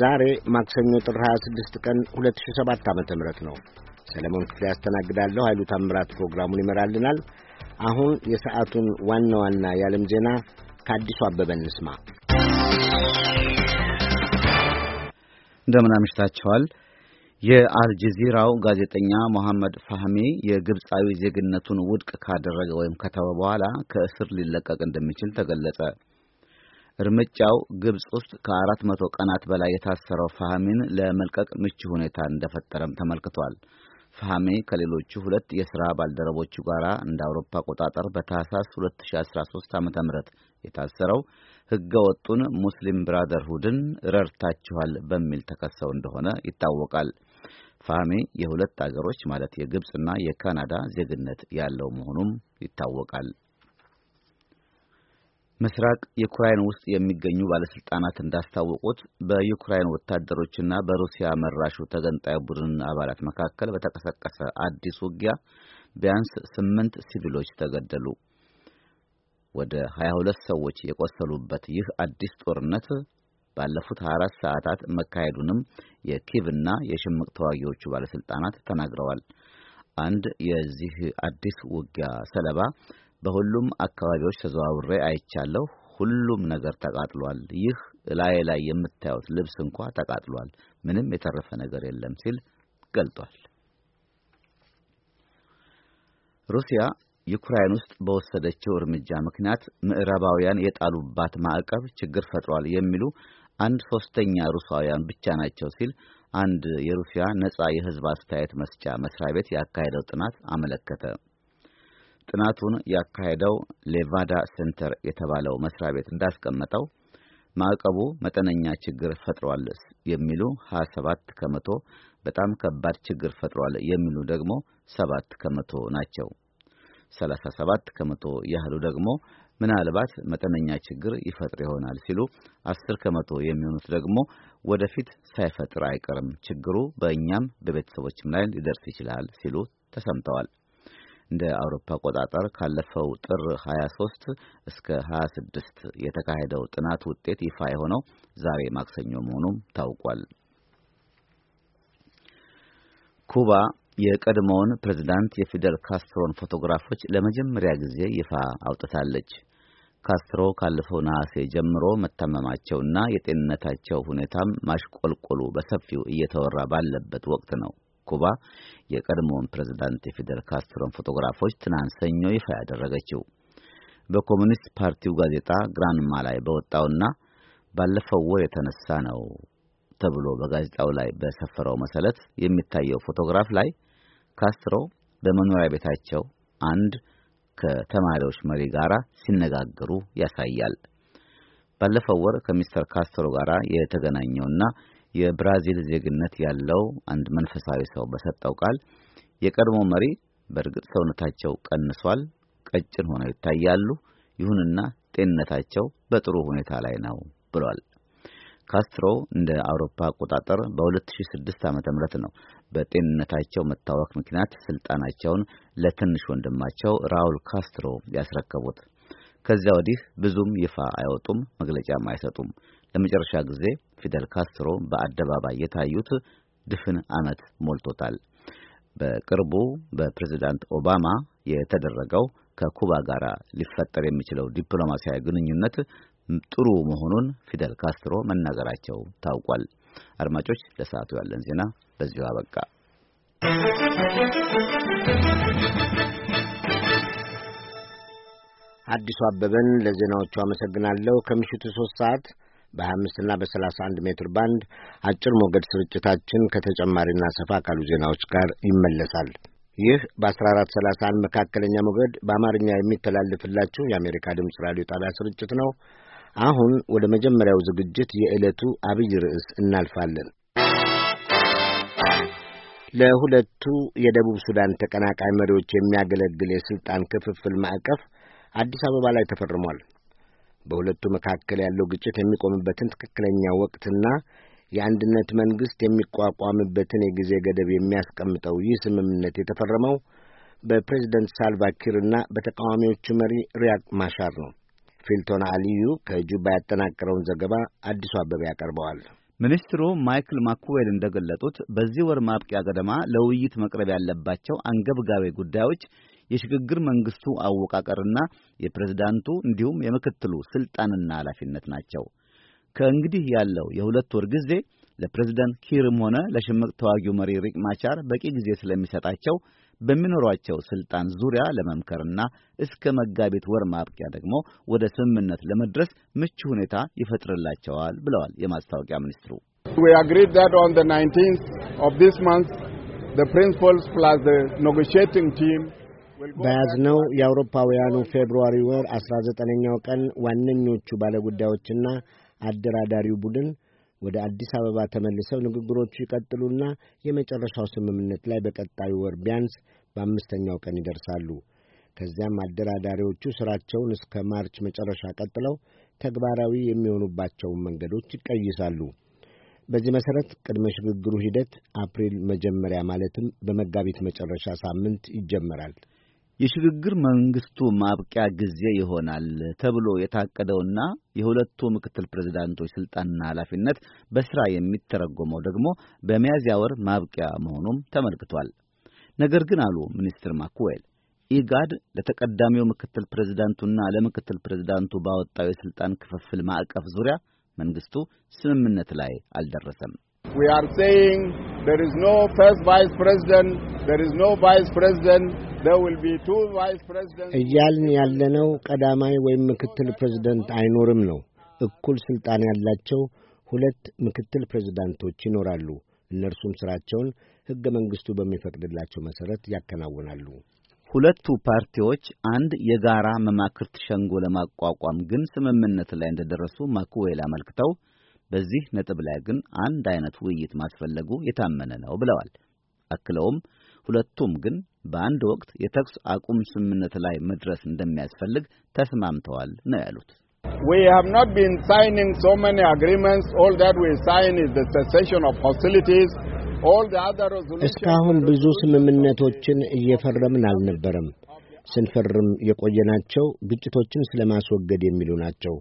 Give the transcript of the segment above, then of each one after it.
ዛሬ ማክሰኞ ጥር 26 ቀን 2007 ዓ.ም ነው። ሰለሞን ክፍሌ ያስተናግዳለሁ። ኃይሉ ታምራት ፕሮግራሙን ይመራልናል። አሁን የሰዓቱን ዋና ዋና የዓለም ዜና ከአዲሱ አበበ እንስማ። እንደምን አምሽታችኋል። የአልጀዚራው ጋዜጠኛ መሐመድ ፋህሚ የግብፃዊ ዜግነቱን ውድቅ ካደረገ ወይም ከተወ በኋላ ከእስር ሊለቀቅ እንደሚችል ተገለጸ። እርምጃው ግብፅ ውስጥ ከአራት መቶ ቀናት በላይ የታሰረው ፋህሚን ለመልቀቅ ምቹ ሁኔታ እንደፈጠረም ተመልክቷል። ፋህሜ ከሌሎቹ ሁለት የሥራ ባልደረቦቹ ጋር እንደ አውሮፓ አቆጣጠር በታህሳስ 2013 ዓ ም የታሰረው ሕገ ወጡን ሙስሊም ብራደርሁድን ረድታችኋል በሚል ተከሰው እንደሆነ ይታወቃል። ፋህሜ የሁለት አገሮች ማለት የግብፅና የካናዳ ዜግነት ያለው መሆኑም ይታወቃል። ምስራቅ ዩክራይን ውስጥ የሚገኙ ባለስልጣናት እንዳስታወቁት በዩክራይን ወታደሮችና በሩሲያ መራሹ ተገንጣይ ቡድን አባላት መካከል በተቀሰቀሰ አዲስ ውጊያ ቢያንስ ስምንት ሲቪሎች ተገደሉ። ወደ 22 ሰዎች የቆሰሉበት ይህ አዲስ ጦርነት ባለፉት 24 ሰዓታት መካሄዱንም የኪቭና የሽምቅ ተዋጊዎቹ ባለስልጣናት ተናግረዋል። አንድ የዚህ አዲስ ውጊያ ሰለባ በሁሉም አካባቢዎች ተዘዋውሬ አይቻለሁ። ሁሉም ነገር ተቃጥሏል። ይህ ላይ ላይ የምታዩት ልብስ እንኳ ተቃጥሏል። ምንም የተረፈ ነገር የለም ሲል ገልጧል። ሩሲያ ዩክራይን ውስጥ በወሰደችው እርምጃ ምክንያት ምዕራባውያን የጣሉባት ማዕቀብ ችግር ፈጥሯል የሚሉ አንድ ሶስተኛ ሩሳውያን ብቻ ናቸው ሲል አንድ የሩሲያ ነጻ የሕዝብ አስተያየት መስጫ መስሪያ ቤት ያካሄደው ጥናት አመለከተ። ጥናቱን ያካሄደው ሌቫዳ ሴንተር የተባለው መስሪያ ቤት እንዳስቀመጠው ማዕቀቡ መጠነኛ ችግር ፈጥሯል የሚሉ 27 ከመቶ፣ በጣም ከባድ ችግር ፈጥሯል የሚሉ ደግሞ 7 ከመቶ ናቸው። 37 ከመቶ ያህሉ ደግሞ ምናልባት መጠነኛ ችግር ይፈጥር ይሆናል ሲሉ፣ 10 ከመቶ የሚሆኑት ደግሞ ወደፊት ሳይፈጥር አይቀርም፣ ችግሩ በእኛም በቤተሰቦችም ላይ ሊደርስ ይችላል ሲሉ ተሰምተዋል። እንደ አውሮፓ አቆጣጠር ካለፈው ጥር 23 እስከ 26 የተካሄደው ጥናት ውጤት ይፋ የሆነው ዛሬ ማክሰኞ መሆኑም ታውቋል። ኩባ የቀድሞውን ፕሬዝዳንት የፊደል ካስትሮን ፎቶግራፎች ለመጀመሪያ ጊዜ ይፋ አውጥታለች። ካስትሮ ካለፈው ነሐሴ ጀምሮ መታመማቸውና የጤንነታቸው ሁኔታም ማሽቆልቆሉ በሰፊው እየተወራ ባለበት ወቅት ነው ኩባ የቀድሞውን ፕሬዝዳንት የፊደል ካስትሮን ፎቶግራፎች ትናንት ሰኞ ይፋ ያደረገችው በኮሚኒስት ፓርቲው ጋዜጣ ግራንማ ላይ በወጣውና ባለፈው ወር የተነሳ ነው ተብሎ በጋዜጣው ላይ በሰፈረው መሰረት የሚታየው ፎቶግራፍ ላይ ካስትሮ በመኖሪያ ቤታቸው አንድ ከተማሪዎች መሪ ጋር ሲነጋገሩ ያሳያል። ባለፈው ወር ከሚስተር ካስትሮ ጋር የተገናኘውና የብራዚል ዜግነት ያለው አንድ መንፈሳዊ ሰው በሰጠው ቃል የቀድሞ መሪ በእርግጥ ሰውነታቸው ቀንሷል፣ ቀጭን ሆነው ይታያሉ። ይሁንና ጤንነታቸው በጥሩ ሁኔታ ላይ ነው ብሏል። ካስትሮ እንደ አውሮፓ አቆጣጠር በ2006 ዓ.ም ነው በጤንነታቸው መታወክ ምክንያት ስልጣናቸውን ለትንሽ ወንድማቸው ራውል ካስትሮ ያስረከቡት። ከዚያ ወዲህ ብዙም ይፋ አይወጡም፣ መግለጫም አይሰጡም። ለመጨረሻ ጊዜ ፊደል ካስትሮ በአደባባይ የታዩት ድፍን ዓመት ሞልቶታል። በቅርቡ በፕሬዚዳንት ኦባማ የተደረገው ከኩባ ጋር ሊፈጠር የሚችለው ዲፕሎማሲያዊ ግንኙነት ጥሩ መሆኑን ፊደል ካስትሮ መናገራቸው ታውቋል። አድማጮች፣ ለሰዓቱ ያለን ዜና በዚሁ አበቃ። አዲሱ አበበን ለዜናዎቹ አመሰግናለሁ። ከምሽቱ ሶስት ሰዓት በ25ና በ31 ሜትር ባንድ አጭር ሞገድ ስርጭታችን ከተጨማሪና ሰፋ ካሉ ዜናዎች ጋር ይመለሳል። ይህ በ1431 መካከለኛ ሞገድ በአማርኛ የሚተላልፍላችሁ የአሜሪካ ድምፅ ራዲዮ ጣቢያ ስርጭት ነው። አሁን ወደ መጀመሪያው ዝግጅት የዕለቱ አብይ ርዕስ እናልፋለን። ለሁለቱ የደቡብ ሱዳን ተቀናቃይ መሪዎች የሚያገለግል የሥልጣን ክፍፍል ማዕቀፍ አዲስ አበባ ላይ ተፈርሟል። በሁለቱ መካከል ያለው ግጭት የሚቆምበትን ትክክለኛ ወቅትና የአንድነት መንግሥት የሚቋቋምበትን የጊዜ ገደብ የሚያስቀምጠው ይህ ስምምነት የተፈረመው በፕሬዝደንት ሳልቫኪርና በተቃዋሚዎቹ መሪ ሪያቅ ማሻር ነው። ፊልቶን አልዩ ከጁባ ያጠናቀረውን ዘገባ አዲሱ አበበ ያቀርበዋል። ሚኒስትሩ ማይክል ማኩዌል እንደገለጡት በዚህ ወር ማብቂያ ገደማ ለውይይት መቅረብ ያለባቸው አንገብጋቢ ጉዳዮች የሽግግር መንግስቱ አወቃቀርና የፕሬዝዳንቱ እንዲሁም የምክትሉ ስልጣንና ኃላፊነት ናቸው። ከእንግዲህ ያለው የሁለት ወር ጊዜ ለፕሬዝዳንት ኪርም ሆነ ለሽምቅ ተዋጊው መሪ ሪቅ ማቻር በቂ ጊዜ ስለሚሰጣቸው በሚኖሯቸው ስልጣን ዙሪያ ለመምከርና እስከ መጋቢት ወር ማብቂያ ደግሞ ወደ ስምምነት ለመድረስ ምቹ ሁኔታ ይፈጥርላቸዋል ብለዋል የማስታወቂያ ሚኒስትሩ። We agreed that on the 19th of this month, the principals plus the negotiating team በያዝነው የአውሮፓውያኑ ፌብርዋሪ ወር አስራ ዘጠነኛው ቀን ዋነኞቹ ባለጉዳዮችና አደራዳሪው ቡድን ወደ አዲስ አበባ ተመልሰው ንግግሮቹ ይቀጥሉና የመጨረሻው ስምምነት ላይ በቀጣዩ ወር ቢያንስ በአምስተኛው ቀን ይደርሳሉ። ከዚያም አደራዳሪዎቹ ሥራቸውን እስከ ማርች መጨረሻ ቀጥለው ተግባራዊ የሚሆኑባቸውን መንገዶች ይቀይሳሉ። በዚህ መሠረት ቅድመ ሽግግሩ ሂደት አፕሪል መጀመሪያ ማለትም በመጋቢት መጨረሻ ሳምንት ይጀመራል። የሽግግር መንግስቱ ማብቂያ ጊዜ ይሆናል ተብሎ የታቀደውና የሁለቱ ምክትል ፕሬዚዳንቶች ስልጣንና ኃላፊነት በስራ የሚተረጎመው ደግሞ በሚያዝያ ወር ማብቂያ መሆኑም ተመልክቷል። ነገር ግን አሉ ሚኒስትር ማኩዌል ኢጋድ ለተቀዳሚው ምክትል ፕሬዚዳንቱና ለምክትል ፕሬዚዳንቱ ባወጣው የሥልጣን ክፍፍል ማዕቀፍ ዙሪያ መንግሥቱ ስምምነት ላይ አልደረሰም። there is no first vice president, there is no vice president, there will be two vice presidents. እያልን ያለነው ቀዳማይ ወይም ምክትል ፕሬዝደንት አይኖርም ነው። እኩል ስልጣን ያላቸው ሁለት ምክትል ፕሬዝዳንቶች ይኖራሉ። እነርሱም ስራቸውን ሕገ መንግሥቱ በሚፈቅድላቸው መሠረት ያከናውናሉ። ሁለቱ ፓርቲዎች አንድ የጋራ መማክርት ሸንጎ ለማቋቋም ግን ስምምነት ላይ እንደደረሱ ማኩዌል አመልክተው በዚህ ነጥብ ላይ ግን አንድ አይነት ውይይት ማስፈለጉ የታመነ ነው ብለዋል። አክለውም ሁለቱም ግን በአንድ ወቅት የተኩስ አቁም ስምምነት ላይ መድረስ እንደሚያስፈልግ ተስማምተዋል ነው ያሉት። We have not been signing so many agreements. All that we sign is the cessation of hostilities. All the other resolutions... እስካሁን ብዙ ስምምነቶችን እየፈረምን አልነበረም። ስንፈርም የቆየናቸው ግጭቶችን ስለማስወገድ የሚሉ ናቸው።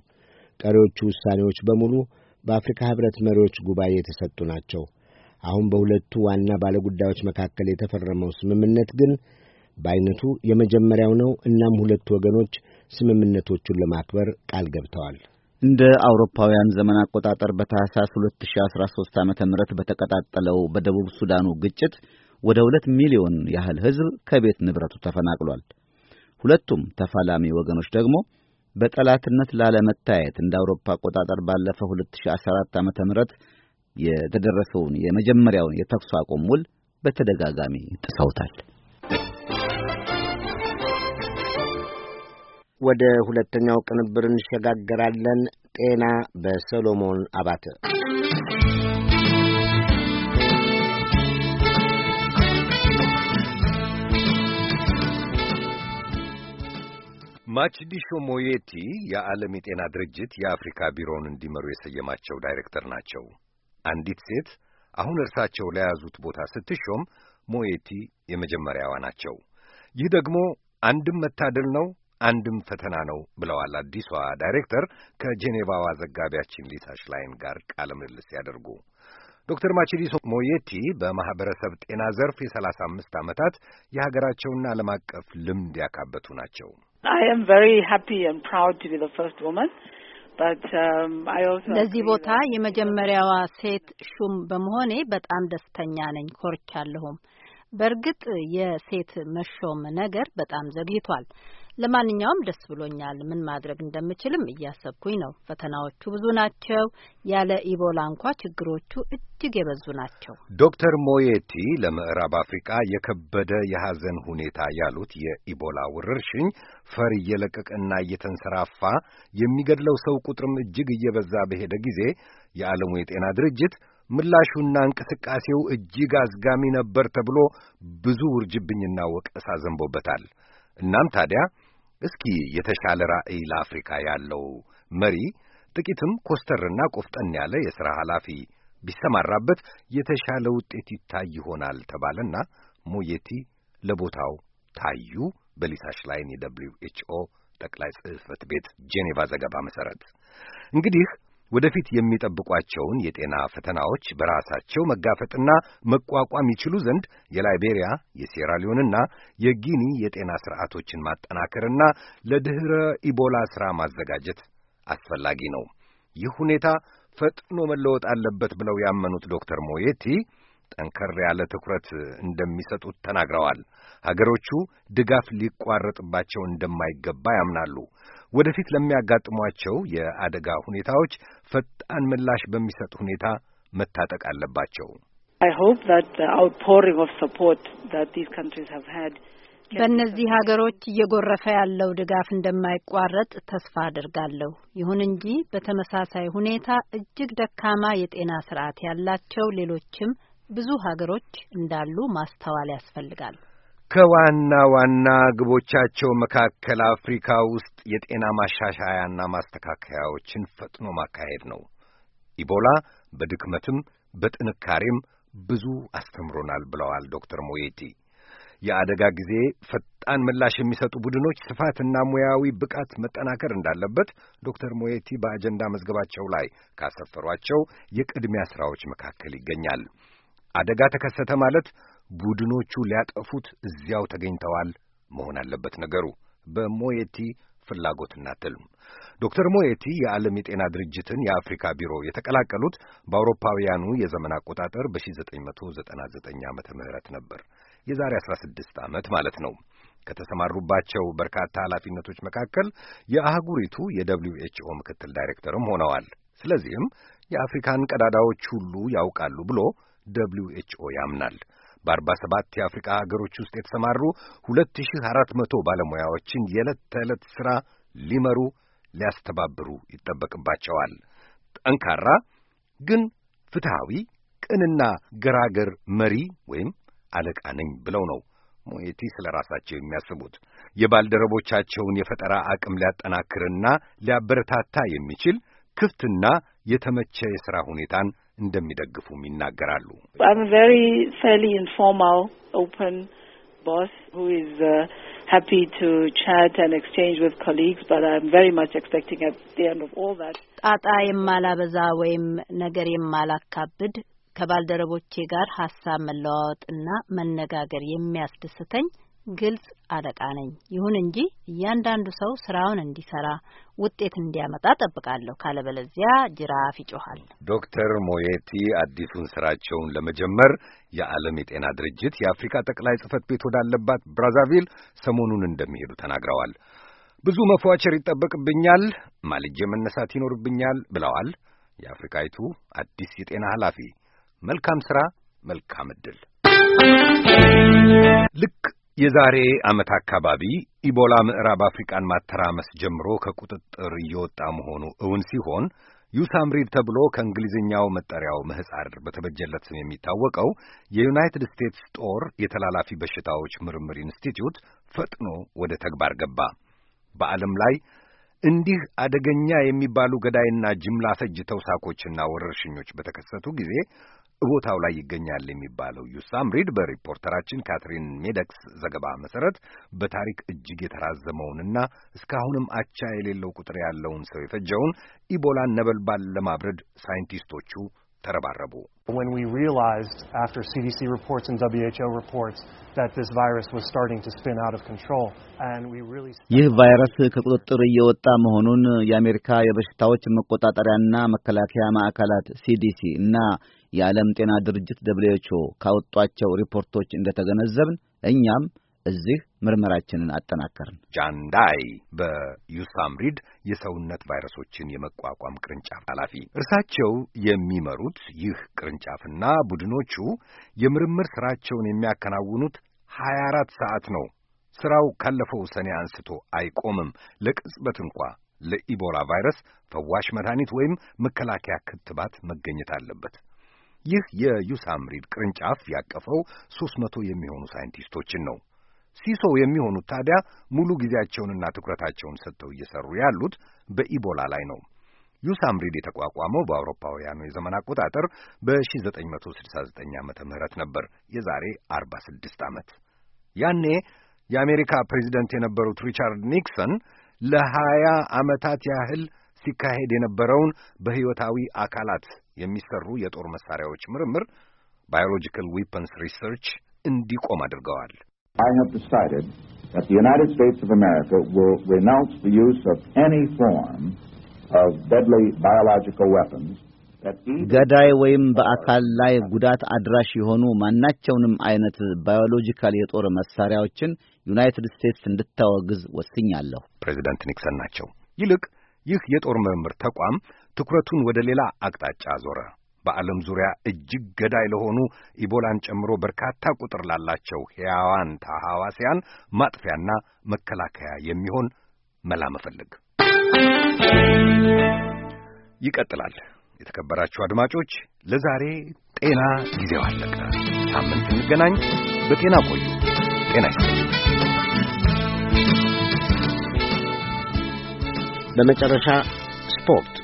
ቀሪዎቹ ውሳኔዎች በሙሉ በአፍሪካ ህብረት መሪዎች ጉባኤ የተሰጡ ናቸው። አሁን በሁለቱ ዋና ባለጉዳዮች መካከል የተፈረመው ስምምነት ግን በአይነቱ የመጀመሪያው ነው። እናም ሁለቱ ወገኖች ስምምነቶቹን ለማክበር ቃል ገብተዋል። እንደ አውሮፓውያን ዘመን አቆጣጠር በታህሳስ 2013 ዓ.ም በተቀጣጠለው በደቡብ ሱዳኑ ግጭት ወደ ሁለት ሚሊዮን ያህል ሕዝብ ከቤት ንብረቱ ተፈናቅሏል። ሁለቱም ተፋላሚ ወገኖች ደግሞ በጠላትነት ላለመታየት እንደ አውሮፓ አቆጣጠር ባለፈው 2014 ዓ.ም የተደረሰውን የመጀመሪያውን የተኩስ አቁም ውል በተደጋጋሚ ጥሰውታል። ወደ ሁለተኛው ቅንብር እንሸጋገራለን። ጤና በሰሎሞን አባተ ማችዲሾ ሞዬቲ የዓለም የጤና ድርጅት የአፍሪካ ቢሮውን እንዲመሩ የሰየማቸው ዳይሬክተር ናቸው። አንዲት ሴት አሁን እርሳቸው ለያዙት ቦታ ስትሾም ሞዬቲ የመጀመሪያዋ ናቸው። ይህ ደግሞ አንድም መታደል ነው፣ አንድም ፈተና ነው ብለዋል አዲሷ ዳይሬክተር ከጄኔቫዋ ዘጋቢያችን ሊሳ ሽላይን ጋር ቃለ ምልልስ ያደርጉ። ዶክተር ማችዲሶ ሞዬቲ በማኅበረሰብ ጤና ዘርፍ የሰላሳ አምስት ዓመታት የሀገራቸውና ዓለም አቀፍ ልምድ ያካበቱ ናቸው። I am very happy and proud to be the first woman. But um, I also ለዚህ ቦታ የመጀመሪያዋ ሴት ሹም በመሆኔ በጣም ደስተኛ ነኝ፣ ኮርቻለሁም። በእርግጥ የሴት መሾም ነገር በጣም ዘግይቷል። ለማንኛውም ደስ ብሎኛል። ምን ማድረግ እንደምችልም እያሰብኩኝ ነው። ፈተናዎቹ ብዙ ናቸው። ያለ ኢቦላ እንኳ ችግሮቹ እጅግ የበዙ ናቸው። ዶክተር ሞዬቲ ለምዕራብ አፍሪቃ የከበደ የሐዘን ሁኔታ ያሉት የኢቦላ ወረርሽኝ ፈር እየለቀቀና እየተንሰራፋ የሚገድለው ሰው ቁጥርም እጅግ እየበዛ በሄደ ጊዜ የዓለሙ የጤና ድርጅት ምላሹና እንቅስቃሴው እጅግ አዝጋሚ ነበር ተብሎ ብዙ ውርጅብኝና ወቀሳ ዘንቦበታል። እናም ታዲያ እስኪ የተሻለ ራዕይ ለአፍሪካ ያለው መሪ ጥቂትም ኮስተርና ቆፍጠን ያለ የሥራ ኃላፊ ቢሰማራበት የተሻለ ውጤት ይታይ ይሆናል ተባለና ሞየቲ ለቦታው ታዩ። በሊሳሽ ላይን የደብሊው ኤች ኦ ጠቅላይ ጽሕፈት ቤት ጄኔቫ ዘገባ መሠረት እንግዲህ ወደፊት የሚጠብቋቸውን የጤና ፈተናዎች በራሳቸው መጋፈጥና መቋቋም ይችሉ ዘንድ የላይቤሪያ የሴራሊዮንና የጊኒ የጤና ስርዓቶችን ማጠናከርና ለድኅረ ኢቦላ ሥራ ማዘጋጀት አስፈላጊ ነው። ይህ ሁኔታ ፈጥኖ መለወጥ አለበት ብለው ያመኑት ዶክተር ሞየቲ ጠንከር ያለ ትኩረት እንደሚሰጡት ተናግረዋል። ሀገሮቹ ድጋፍ ሊቋረጥባቸው እንደማይገባ ያምናሉ። ወደፊት ለሚያጋጥሟቸው የአደጋ ሁኔታዎች ፈጣን ምላሽ በሚሰጥ ሁኔታ መታጠቅ አለባቸው። በእነዚህ ሀገሮች እየጎረፈ ያለው ድጋፍ እንደማይቋረጥ ተስፋ አድርጋለሁ። ይሁን እንጂ በተመሳሳይ ሁኔታ እጅግ ደካማ የጤና ስርዓት ያላቸው ሌሎችም ብዙ ሀገሮች እንዳሉ ማስተዋል ያስፈልጋል። ከዋና ዋና ግቦቻቸው መካከል አፍሪካ ውስጥ የጤና ማሻሻያና ማስተካከያዎችን ፈጥኖ ማካሄድ ነው። ኢቦላ በድክመትም በጥንካሬም ብዙ አስተምሮናል ብለዋል ዶክተር ሞዬቲ። የአደጋ ጊዜ ፈጣን ምላሽ የሚሰጡ ቡድኖች ስፋትና ሙያዊ ብቃት መጠናከር እንዳለበት ዶክተር ሞዬቲ በአጀንዳ መዝገባቸው ላይ ካሰፈሯቸው የቅድሚያ ሥራዎች መካከል ይገኛል። አደጋ ተከሰተ ማለት ቡድኖቹ ሊያጠፉት እዚያው ተገኝተዋል መሆን አለበት ነገሩ በሞየቲ ፍላጎትና ትልም። ዶክተር ሞየቲ የዓለም የጤና ድርጅትን የአፍሪካ ቢሮ የተቀላቀሉት በአውሮፓውያኑ የዘመን አቆጣጠር በ1999 ዓመተ ምህረት ነበር። የዛሬ 16 ዓመት ማለት ነው። ከተሰማሩባቸው በርካታ ኃላፊነቶች መካከል የአህጉሪቱ የደብሊው ኤችኦ ምክትል ዳይሬክተርም ሆነዋል። ስለዚህም የአፍሪካን ቀዳዳዎች ሁሉ ያውቃሉ ብሎ ደብሊው ኤችኦ ያምናል። በአርባ ሰባት የአፍሪካ ሀገሮች ውስጥ የተሰማሩ መቶ ባለሙያዎችን የዕለት ተዕለት ሥራ ሊመሩ ሊያስተባብሩ ይጠበቅባቸዋል። ጠንካራ ግን ፍትሐዊ፣ ቅንና ገራገር መሪ ወይም አለቃ ነኝ ብለው ነው ሞየቲ ስለ ራሳቸው የሚያስቡት። የባልደረቦቻቸውን የፈጠራ አቅም ሊያጠናክርና ሊያበረታታ የሚችል ክፍትና የተመቸ የሥራ ሁኔታን እንደሚደግፉም ይናገራሉ። uh, ጣጣ የማላበዛ ወይም ነገር የማላካብድ ከባልደረቦቼ ጋር ሀሳብ መለዋወጥና መነጋገር የሚያስደስተኝ ግልጽ አለቃ ነኝ። ይሁን እንጂ እያንዳንዱ ሰው ስራውን እንዲሰራ ውጤት እንዲያመጣ ጠብቃለሁ። ካለበለዚያ ጅራፍ ይጮኋል። ዶክተር ሞየቲ አዲሱን ስራቸውን ለመጀመር የዓለም የጤና ድርጅት የአፍሪካ ጠቅላይ ጽህፈት ቤት ወዳለባት ብራዛቪል ሰሞኑን እንደሚሄዱ ተናግረዋል። ብዙ መፏቸር ይጠበቅብኛል፣ ማልጄ መነሳት ይኖርብኛል ብለዋል። የአፍሪካይቱ አዲስ የጤና ኃላፊ መልካም ስራ፣ መልካም እድል። ልክ የዛሬ ዓመት አካባቢ ኢቦላ ምዕራብ አፍሪቃን ማተራመስ ጀምሮ ከቁጥጥር እየወጣ መሆኑ እውን ሲሆን ዩሳምሪድ ተብሎ ከእንግሊዝኛው መጠሪያው ምህፃር በተበጀለት ስም የሚታወቀው የዩናይትድ ስቴትስ ጦር የተላላፊ በሽታዎች ምርምር ኢንስቲትዩት ፈጥኖ ወደ ተግባር ገባ። በዓለም ላይ እንዲህ አደገኛ የሚባሉ ገዳይና ጅምላ ፈጅ ተውሳኮችና ወረርሽኞች በተከሰቱ ጊዜ ቦታው ላይ ይገኛል የሚባለው ዩሳም ሪድ በሪፖርተራችን ካትሪን ሜደክስ ዘገባ መሰረት በታሪክ እጅግ የተራዘመውንና እስካሁንም አቻ የሌለው ቁጥር ያለውን ሰው የፈጀውን ኢቦላን ነበልባል ለማብረድ ሳይንቲስቶቹ ተረባረቡ። ይህ ቫይረስ ከቁጥጥር እየወጣ መሆኑን የአሜሪካ የበሽታዎች መቆጣጠሪያና መከላከያ ማዕከላት ሲዲሲ እና የዓለም ጤና ድርጅት ደብሊውኤችኦ ካወጧቸው ሪፖርቶች እንደተገነዘብን እኛም እዚህ ምርመራችንን አጠናከርን። ጃንዳይ በዩሳምሪድ የሰውነት ቫይረሶችን የመቋቋም ቅርንጫፍ ኃላፊ፣ እርሳቸው የሚመሩት ይህ ቅርንጫፍና ቡድኖቹ የምርምር ስራቸውን የሚያከናውኑት 24 ሰዓት ነው። ስራው ካለፈው ሰኔ አንስቶ አይቆምም። ለቅጽበት እንኳ ለኢቦላ ቫይረስ ፈዋሽ መድኃኒት ወይም መከላከያ ክትባት መገኘት አለበት። ይህ የዩሳምሪድ ቅርንጫፍ ያቀፈው ሦስት መቶ የሚሆኑ ሳይንቲስቶችን ነው። ሲሶ የሚሆኑት ታዲያ ሙሉ ጊዜያቸውንና ትኩረታቸውን ሰጥተው እየሰሩ ያሉት በኢቦላ ላይ ነው። ዩሳምሪድ የተቋቋመው በአውሮፓውያኑ የዘመን አቆጣጠር በ1969 ዓመተ ምህረት ነበር። የዛሬ 46 ዓመት ያኔ የአሜሪካ ፕሬዚደንት የነበሩት ሪቻርድ ኒክሰን ለ ለ20 ዓመታት ያህል ሲካሄድ የነበረውን በሕይወታዊ አካላት የሚሰሩ የጦር መሳሪያዎች ምርምር ባዮሎጂካል ዊፐንስ ሪሰርች እንዲቆም አድርገዋል። I have decided that the United States of America will renounce the use of any form of deadly biological weapons ገዳይ ወይም በአካል ላይ ጉዳት አድራሽ የሆኑ ማናቸውንም አይነት ባዮሎጂካል የጦር መሳሪያዎችን ዩናይትድ ስቴትስ እንድታወግዝ ወስኛለሁ። ፕሬዚዳንት ኒክሰን ናቸው። ይልቅ ይህ የጦር ምርምር ተቋም ትኩረቱን ወደ ሌላ አቅጣጫ ዞረ። በዓለም ዙሪያ እጅግ ገዳይ ለሆኑ ኢቦላን ጨምሮ በርካታ ቁጥር ላላቸው ሕያዋን ተሐዋስያን ማጥፊያና መከላከያ የሚሆን መላ መፈለግ ይቀጥላል። የተከበራችሁ አድማጮች፣ ለዛሬ ጤና ጊዜው አለቀ። ሳምንት እንገናኝ። በጤና ቆዩ። ጤና ይስጥ። በመጨረሻ ስፖርት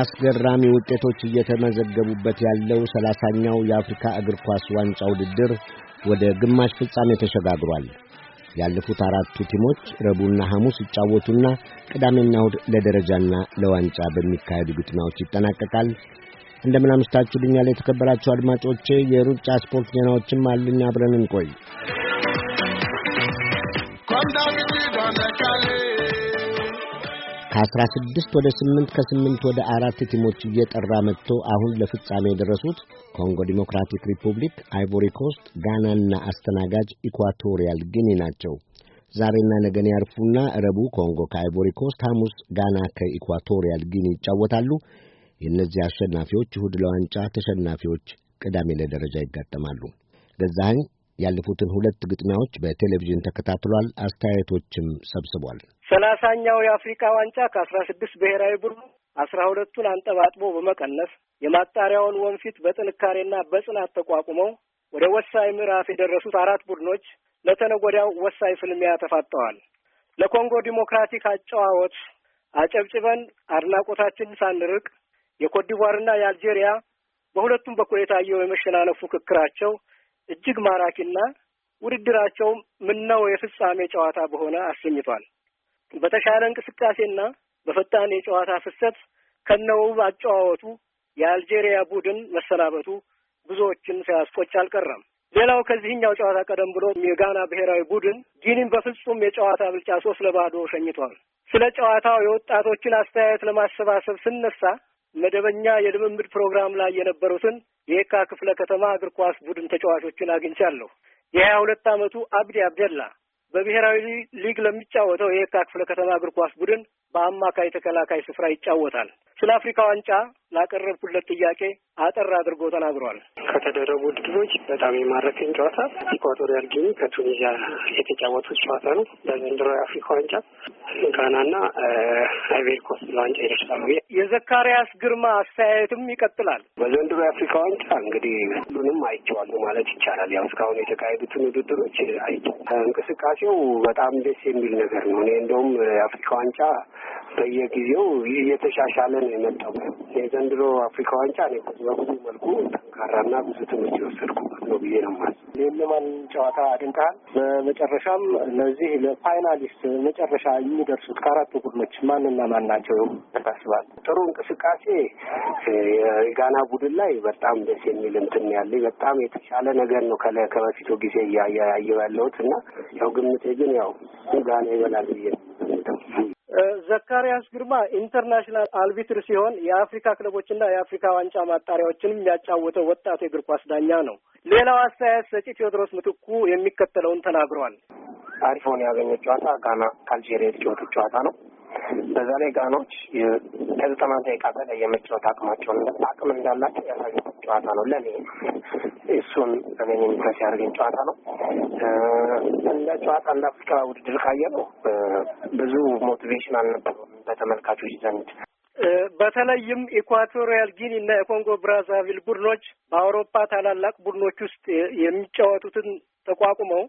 አስገራሚ ውጤቶች እየተመዘገቡበት ያለው ሰላሳኛው የአፍሪካ እግር ኳስ ዋንጫ ውድድር ወደ ግማሽ ፍጻሜ ተሸጋግሯል። ያለፉት አራቱ ቲሞች ረቡዕና ሐሙስ ይጫወቱና ቅዳሜና እሁድ ለደረጃና ለዋንጫ በሚካሄዱ ግጥሚያዎች ይጠናቀቃል። እንደምናምስታችሁ ልኛል የተከበራችሁ አድማጮቼ፣ የሩጫ ስፖርት ዜናዎችም አሉኝ። አብረን እንቆይ። ከአስራ ስድስት ወደ ስምንት ከስምንት ወደ አራት ቲሞች እየጠራ መጥቶ አሁን ለፍጻሜ የደረሱት ኮንጎ ዲሞክራቲክ ሪፑብሊክ፣ አይቮሪ ኮስት፣ ጋናና አስተናጋጅ ኢኳቶሪያል ጊኒ ናቸው። ዛሬና ነገን ያርፉና ረቡ ኮንጎ ከአይቮሪ ኮስት፣ ሐሙስ ጋና ከኢኳቶሪያል ጊኒ ይጫወታሉ። የእነዚህ አሸናፊዎች እሁድ ለዋንጫ፣ ተሸናፊዎች ቅዳሜ ለደረጃ ይጋጠማሉ። ገዛኸኝ ያለፉትን ሁለት ግጥሚያዎች በቴሌቪዥን ተከታትሏል። አስተያየቶችም ሰብስቧል። ሰላሳኛው የአፍሪካ ዋንጫ ከአስራ ስድስት ብሔራዊ ቡድኑ አስራ ሁለቱን አንጠባጥቦ በመቀነስ የማጣሪያውን ወንፊት በጥንካሬና በጽናት ተቋቁመው ወደ ወሳኝ ምዕራፍ የደረሱት አራት ቡድኖች ለተነጎዳው ወሳኝ ፍልሚያ ተፋጠዋል። ለኮንጎ ዲሞክራቲክ አጨዋወት አጨብጭበን አድናቆታችን ሳንርቅ የኮትዲቯርና የአልጄሪያ በሁለቱም በኩል የታየው የመሸናነፍ ፉክክራቸው እጅግ ማራኪና ውድድራቸው ምነው የፍጻሜ ጨዋታ በሆነ አሰኝቷል። በተሻለ እንቅስቃሴና በፈጣን የጨዋታ ፍሰት ከነውብ አጨዋወቱ የአልጄሪያ ቡድን መሰናበቱ ብዙዎችን ሳያስቆጭ አልቀረም። ሌላው ከዚህኛው ጨዋታ ቀደም ብሎ የጋና ብሔራዊ ቡድን ጊኒን በፍጹም የጨዋታ ብልጫ ሶስት ለባዶ ሸኝቷል። ስለ ጨዋታው የወጣቶችን አስተያየት ለማሰባሰብ ስነሳ መደበኛ የልምምድ ፕሮግራም ላይ የነበሩትን የየካ ክፍለ ከተማ እግር ኳስ ቡድን ተጫዋቾችን አግኝቻለሁ። የሀያ ሁለት ዓመቱ አብዲ አብደላ በብሔራዊ ሊግ ለሚጫወተው የየካ ክፍለ ከተማ እግር ኳስ ቡድን በአማካይ ተከላካይ ስፍራ ይጫወታል። ስለ አፍሪካ ዋንጫ ላቀረብኩለት ጥያቄ አጠር አድርጎ ተናግሯል። ከተደረጉ ውድድሮች በጣም የማረከኝ ጨዋታ ኢኳቶሪያል ጊኒ ከቱኒዚያ የተጫወቱት ጨዋታ ነው። በዘንድሮ የአፍሪካ ዋንጫ ጋናና አይቬሪ ኮስት ለዋንጫ ይደርሳሉ። የዘካሪያስ ግርማ አስተያየትም ይቀጥላል። በዘንድሮ የአፍሪካ ዋንጫ እንግዲህ ምንም አይቼዋሉ ማለት ይቻላል። ያው እስካሁን የተካሄዱትን ውድድሮች አይቼ እንቅስቃሴው በጣም ደስ የሚል ነገር ነው። እኔ እንደውም የአፍሪካ ዋንጫ በየጊዜው እየተሻሻለ ነው የመጣው። የዘንድሮ አፍሪካ ዋንጫ ነ በብዙ መልኩ ጠንካራና ብዙ ትምህርት የወሰድኩበት ነው ብዬ ነው ማለት። የእነማን ጨዋታ አድንቀሃል? በመጨረሻም ለዚህ ለፋይናሊስት መጨረሻ የሚደርሱት ከአራቱ ቡድኖች ማንና ማን ናቸው ታስባል? ጥሩ እንቅስቃሴ የጋና ቡድን ላይ በጣም ደስ የሚል እንትን ያለ በጣም የተሻለ ነገር ነው ከለ ከበፊቱ ጊዜ እያየሁ ያለሁት እና ያው ግምቴ ግን ያው ጋና ይበላል ብዬ ነው ዘካሪያስ ግርማ ኢንተርናሽናል አልቢትር ሲሆን የአፍሪካ ክለቦችና የአፍሪካ ዋንጫ ማጣሪያዎችንም የሚያጫወተው ወጣት የእግር ኳስ ዳኛ ነው። ሌላው አስተያየት ሰጪ ቴዎድሮስ ምትኩ የሚከተለውን ተናግሯል። አሪፎን ያገኘ ጨዋታ ጋና ከአልጄሪያ የተጫወቱ ጨዋታ ነው። በዛ ላይ ጋኖች ከዘጠና ደቂቃ በላይ የመጫወት አቅማቸውን አቅም እንዳላቸው ያሳዩበት ጨዋታ ነው። ለእኔ እሱን በኔ ኢምፕረስ ያደርገኝ ጨዋታ ነው። እንደ ጨዋታ እንደ አፍሪካ ውድድር ካየ ነው ብዙ ሞቲቬሽን አልነበረም በተመልካቾች ዘንድ። በተለይም ኢኳቶሪያል ጊኒ እና የኮንጎ ብራዛቪል ቡድኖች በአውሮፓ ታላላቅ ቡድኖች ውስጥ የሚጫወቱትን ተቋቁመው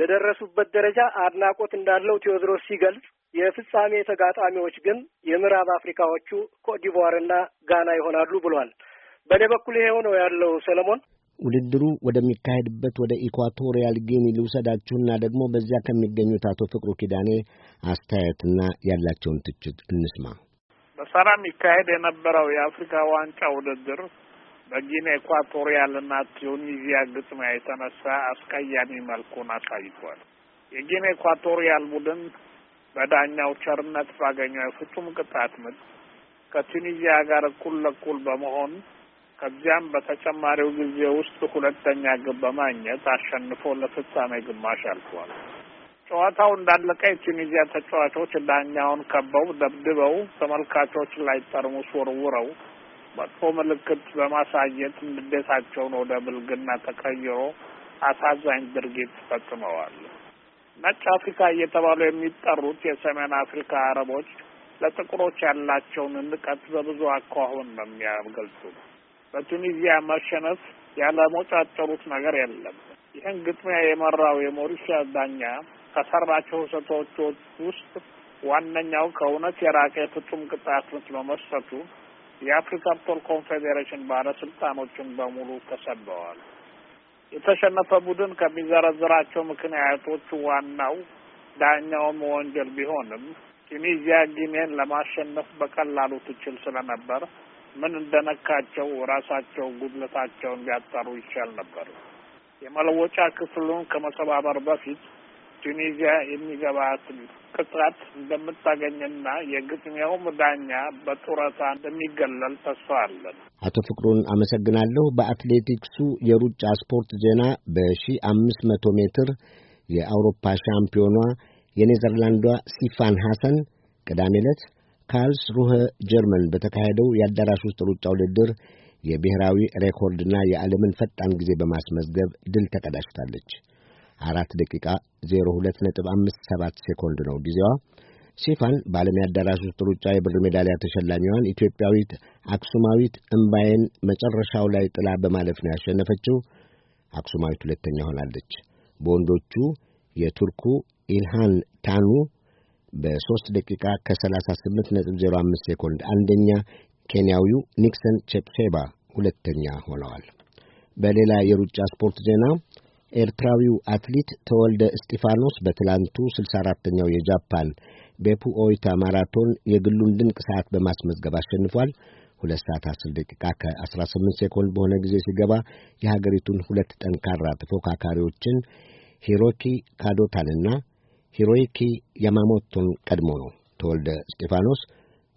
ለደረሱበት ደረጃ አድናቆት እንዳለው ቴዎድሮስ ሲገልጽ የፍጻሜ ተጋጣሚዎች ግን የምዕራብ አፍሪካዎቹ ኮትዲቯርና ጋና ይሆናሉ ብሏል። በእኔ በኩል ይሄው ነው ያለው። ሰለሞን፣ ውድድሩ ወደሚካሄድበት ወደ ኢኳቶሪያል ጊኒ ልውሰዳችሁና ደግሞ በዚያ ከሚገኙት አቶ ፍቅሩ ኪዳኔ አስተያየትና ያላቸውን ትችት እንስማ። በሰላም ይካሄድ የነበረው የአፍሪካ ዋንጫ ውድድር በጊኒ እና ቱኒዚያ ግጥሚያ የተነሳ አስቀያሚ መልኩን አሳይቷል። የጊኒ ኢኳቶሪያል ቡድን በዳኛው ቸርነት ባገኘው የፍጹም ቅጣት ምት ከቱኒዚያ ጋር እኩል ለእኩል በመሆን ከዚያም በተጨማሪው ጊዜ ውስጥ ሁለተኛ ግብ በማግኘት አሸንፎ ለፍጻሜ ግማሽ አልፏል። ጨዋታው እንዳለቀ የቱኒዚያ ተጫዋቾች ዳኛውን ከበው ደብድበው ተመልካቾች ላይ ጠርሙስ ወርውረው መጥፎ ምልክት በማሳየት ንዴታቸውን ወደ ብልግና ተቀይሮ አሳዛኝ ድርጊት ፈጽመዋል። ነጭ አፍሪካ እየተባሉ የሚጠሩት የሰሜን አፍሪካ አረቦች ለጥቁሮች ያላቸውን ንቀት በብዙ አኳሁን ነው የሚያገልጹት። በቱኒዚያ መሸነፍ ያለሞጫጨሩት ነገር የለም። ይህን ግጥሚያ የመራው የሞሪሺያስ ዳኛ ከሰራቸው ስህተቶች ውስጥ ዋነኛው ከእውነት የራቀ የፍጹም ቅጣት ምት መመስጠቱ የአፍሪካ ጦር ኮንፌዴሬሽን ባለስልጣኖችን በሙሉ ተሰበዋል። የተሸነፈ ቡድን ከሚዘረዝራቸው ምክንያቶች ዋናው ዳኛውም ወንጀል ቢሆንም ቱኒዚያ ጊኔን ለማሸነፍ በቀላሉ ትችል ስለነበር ምን እንደነካቸው ራሳቸው ጉድለታቸውን ሊያጠሩ ይቻል ነበር። የመለወጫ ክፍሉን ከመሰባበር በፊት ቱኒዚያ የሚገባትን ቅጣት እንደምታገኝና የግጥሚያው ዳኛ በጡረታ እንደሚገለል ተስፋ አለን። አቶ ፍቅሩን አመሰግናለሁ። በአትሌቲክሱ የሩጫ ስፖርት ዜና በሺ አምስት መቶ ሜትር የአውሮፓ ሻምፒዮኗ የኔዘርላንዷ ሲፋን ሐሰን ቅዳሜ ዕለት ካልስ ሩኸ ጀርመን በተካሄደው የአዳራሽ ውስጥ ሩጫ ውድድር የብሔራዊ ሬኮርድና የዓለምን ፈጣን ጊዜ በማስመዝገብ ድል ተቀዳጅታለች። አራት ደቂቃ 02.57 ሴኮንድ ነው ጊዜዋ። ሲፋን በዓለም ያዳራሽ ውስጥ ሩጫ የብር ሜዳሊያ ተሸላሚዋን ኢትዮጵያዊት አክሱማዊት እምባዬን መጨረሻው ላይ ጥላ በማለፍ ነው ያሸነፈችው። አክሱማዊት ሁለተኛ ሆናለች። በወንዶቹ የቱርኩ ኢልሃን ታኑ በሦስት ደቂቃ ከ38.05 ሴኮንድ አንደኛ፣ ኬንያዊው ኒክሰን ቼፕሴባ ሁለተኛ ሆነዋል። በሌላ የሩጫ ስፖርት ዜና ኤርትራዊው ተወልደ እስጢፋኖስ በትላንቱ 64 ተኛው የጃፓን ቤፑ ኦይታ ማራቶን የግሉን ድንቅ ሰዓት በማስመዝገብ አሸንፏል። ሁለት ሰዓት አስር ደቂቃ ከ18 ሴኮንድ በሆነ ጊዜ ሲገባ የሀገሪቱን ሁለት ጠንካራ ተፎካካሪዎችን ሂሮኪ ካዶታንና ሂሮይኪ ያማሞቶን ቀድሞ ነው። ተወልደ እስጢፋኖስ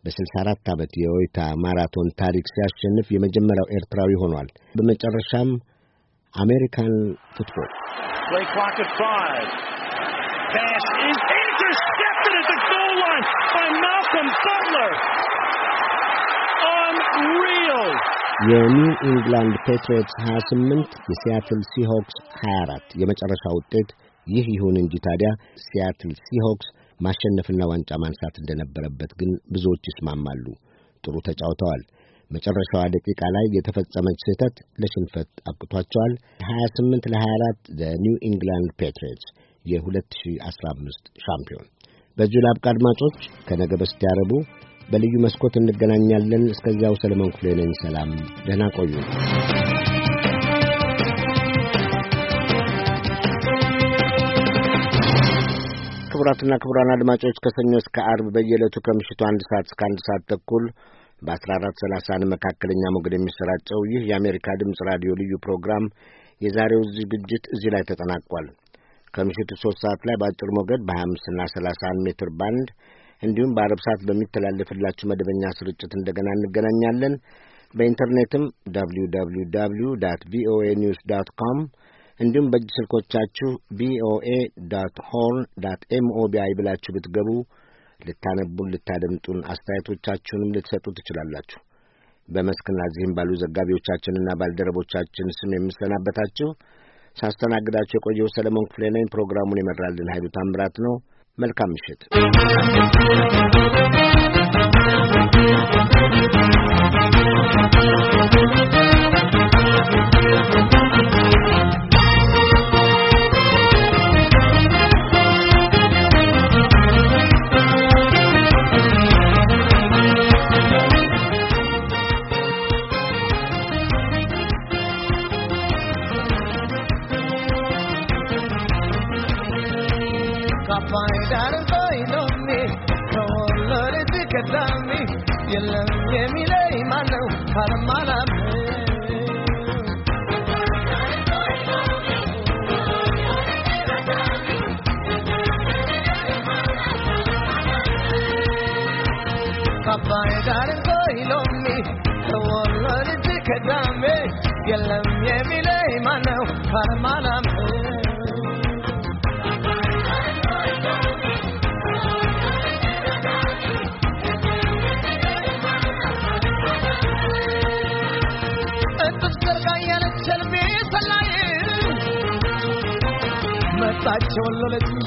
በ64 ዓመት የኦይታ ማራቶን ታሪክ ሲያሸንፍ የመጀመሪያው ኤርትራዊ ሆኗል። በመጨረሻም አሜሪካን ፉትቦል የኒው ኢንግላንድ ፔትሪዮትስ 28 የሲያትል ሲሆክስ 24 የመጨረሻ ውጤት ይህ ይሁን እንጂ ታዲያ ሲያትል ሲሆክስ ማሸነፍና ዋንጫ ማንሳት እንደነበረበት ግን ብዙዎች ይስማማሉ። ጥሩ ተጫውተዋል። መጨረሻዋ ደቂቃ ላይ የተፈጸመች ስህተት ለሽንፈት አብቅቷቸዋል። 28 ለ24 ኒው ኢንግላንድ ፔትሪዮትስ የ2015 ሻምፒዮን። በዚሁ ላብቃ አድማጮች፣ ከነገ በስቲያ ረቡዕ በልዩ መስኮት እንገናኛለን። እስከዚያው ሰለሞን ክፍሌ ነኝ። ሰላም፣ ደህና ቆዩ። ክቡራትና ክቡራን አድማጮች ከሰኞ እስከ አርብ በየዕለቱ ከምሽቱ አንድ ሰዓት እስከ አንድ ሰዓት ተኩል በ1430 መካከለኛ ሞገድ የሚሰራጨው ይህ የአሜሪካ ድምፅ ራዲዮ ልዩ ፕሮግራም የዛሬው ዝግጅት እዚህ ላይ ተጠናቋል። ከምሽቱ ሶስት ሰዓት ላይ በአጭር ሞገድ በ25ና 31 ሜትር ባንድ እንዲሁም በአረብ ሰዓት በሚተላለፍላችሁ መደበኛ ስርጭት እንደገና እንገናኛለን። በኢንተርኔትም ደብሊው ደብሊው ደብሊው ዳት ቪኦኤ ኒውስ ዳት ኮም እንዲሁም በእጅ ስልኮቻችሁ ቪኦኤ ዳት ሆርን ዳት ኤምኦቢአይ ብላችሁ ብትገቡ ልታነቡን፣ ልታደምጡን፣ አስተያየቶቻችሁንም ልትሰጡ ትችላላችሁ። በመስክና እዚህም ባሉ ዘጋቢዎቻችንና ባልደረቦቻችን ስም የምሰናበታችሁ ሳስተናግዳችሁ የቆየው ሰለሞን ክፍሌ ነኝ። ፕሮግራሙን የመራልን ኃይሉ ታምራት ነው። መልካም ምሽት። Thank you.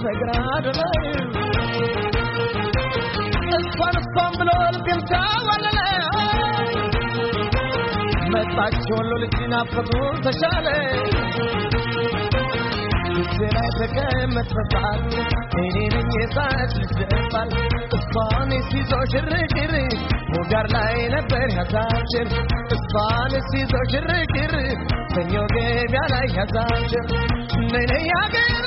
ሰግራድ ላይ እሷን እሷን ብሎ ልቤም መጣች ወሎ ልጅ ናፈቁ ተሻለ ልጅ ላይ ተቀመጥ ተባል እኔ ነኝ የሳት ልጅ ባል እሷን ሲዞ ሽርግር ላይ ነበር ያዛችን እሷን ሲዞ ሽርግር ሰኞ ገቢያ ላይ ያዛችን ነይ ያገር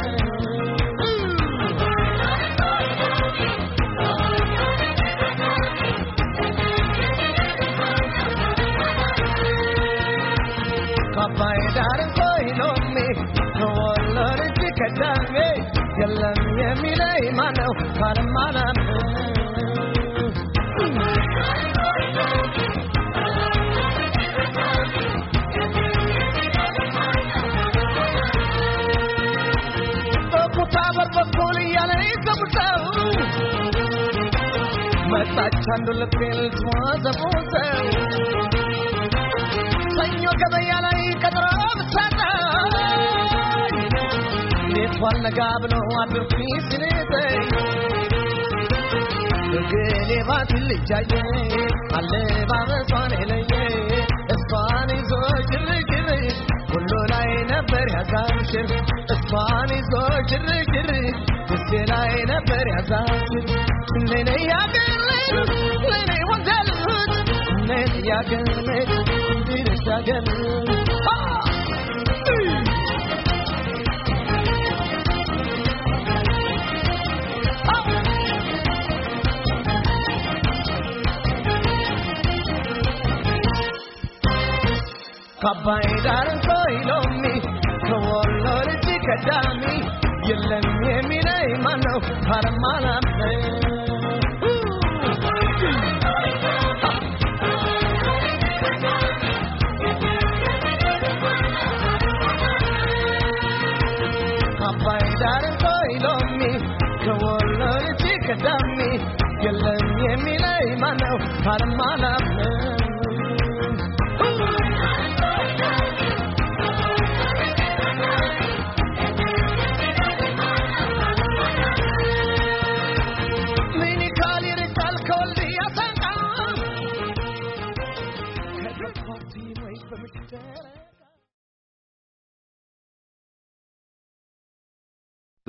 እንኳንም አላምንም በኩታበር በኩል እያለ ይዘሙተው ሰኞ ገበያ ላይ ቀጥሮ ብታጣኝ ነጋ ብሎ አድርፊ ሲኔተኝ ግን የባት ልጃየ አለባበሷን የለየ እሷን ይዞ ግርግር ሁሉ ላይ ነበር ያዛሽር እሷን ይዞ ግርግር ውሴ ላይ ነበር ያገር ወንዘል ያገር ከአባይ ዳርን ኮይሎሚ ከወሎ ልጅ ቀዳሚ የለም የሚለይ ማነው ሀረማላም